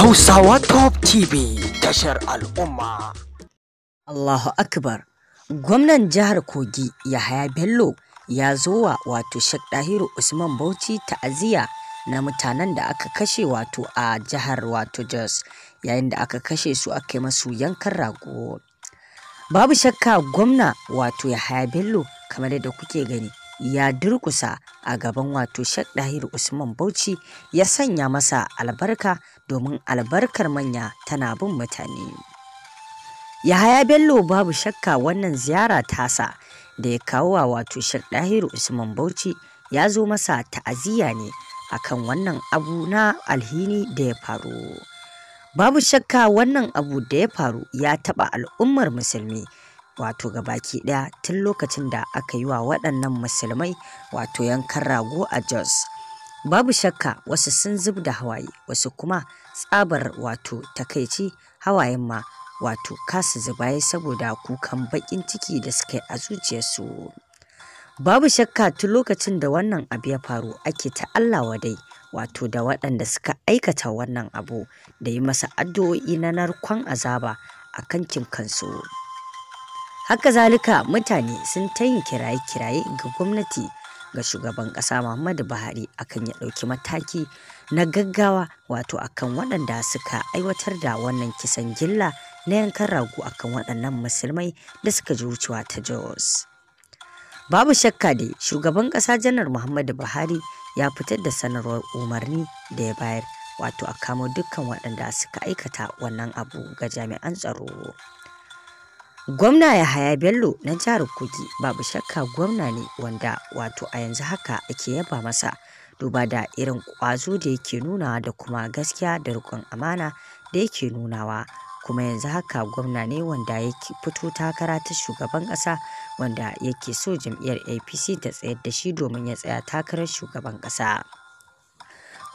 Hausawa Top TV tashar al'umma. Allahu Akbar. Gwamnan jihar Kogi Yahaya Bello ya zo wa wato Sheikh Dahiru Usman Bauchi ta'aziyya na mutanen da aka kashe wato a jihar wato Jos yayin da aka kashe su aka yi masu yankan rago. Babu shakka gwamna wato Yahaya Bello kamar yadda kuke gani ya durkusa a gaban wato Sheikh Dahir Usman Bauchi ya sanya masa albarka domin albarkar manya tana bin mutane. Yahaya Bello babu shakka wannan ziyara tasa da ya kawo wa wato Sheikh Dahir Usman Bauchi ya zo masa ta'aziyya ne akan wannan abu na alhini da ya faru. Babu shakka wannan abu da ya faru ya taɓa al'ummar musulmi. wato gabaki ɗaya tun lokacin da aka yi wa waɗannan musulmai wato yankan rago a Jos. Babu shakka wasu sun zub da hawaye wasu kuma tsabar wato takaici hawayen ma wato kasu zubaye saboda kukan baƙin ciki da suka yi a zuciyarsu. Babu shakka tun lokacin da wannan abu ya faru ake ta Allah wadai wato da waɗanda suka aikata wannan abu da yi masa addu'o'i na narkon azaba a kankin kansu. haka zalika mutane sun ta yin kiraye-kiraye ga gwamnati ga shugaban kasa muhammadu buhari akan ya ɗauki mataki na gaggawa wato akan waɗanda suka aiwatar da wannan kisan gilla na yankan ragu akan waɗannan musulmai da suka ji wucewa ta jos babu shakka dai shugaban kasa janar muhammadu buhari ya fitar da sanarwar umarni da ya bayar wato a kamo dukkan waɗanda suka aikata wannan abu ga jami'an tsaro Gwamna Yahaya Bello na jihar Kogi babu shakka gwamna ne wanda wato a yanzu haka ake yaba masa duba da irin kwazo da yake nunawa da kuma gaskiya da rikon amana da yake nunawa kuma yanzu haka gwamna ne wanda ya fito takara ta shugaban kasa wanda yake so jam'iyyar APC ta tsayar da shi domin ya tsaya takarar shugaban kasa.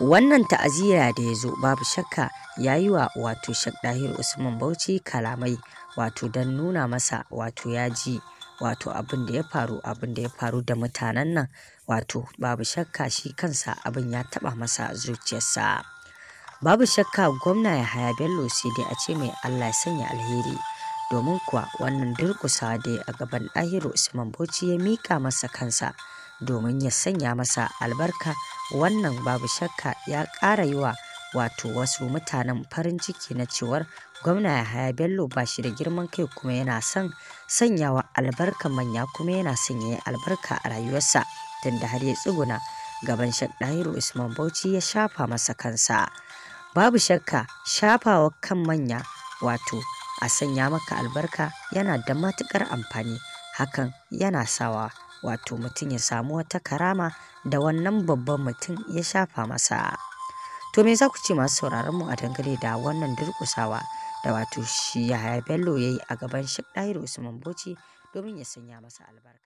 wannan ta'aziyya da ya zo babu shakka ya yi wa wato shak Dahir Usman Bauchi kalamai wato don nuna masa wato ya ji wato abin da ya faru abin da ya faru da mutanen nan wato babu shakka shi kansa abin ya taba masa zuciyarsa babu shakka gwamna ya haya bello sai dai a ce mai Allah ya sanya alheri domin kuwa wannan durkusa da a gaban dahiru usman bauchi ya mika masa kansa domin ya sanya masa albarka wannan babu shakka ya ƙara yi wa wato wasu mutanen farin ciki na cewar gwamna haya bello ba shi da girman kai kuma yana son sanyawa albarka manya kuma yana son ya yi albarka a rayuwarsa tunda da har ya tsuguna gaban shak ɗahiru usman bauchi ya shafa masa kansa babu shakka shafawa kan manya wato a sanya maka albarka yana da matuƙar amfani hakan yana sawa wato mutum ya samu wata karama da wannan babban mutum ya shafa masa. To me za ku ce masu sauraron mu a dangane da wannan durkusawa da wato shi Yahaya Bello ya yi a gaban shi Dahiru Usman Bauchi domin ya sanya masa albarka.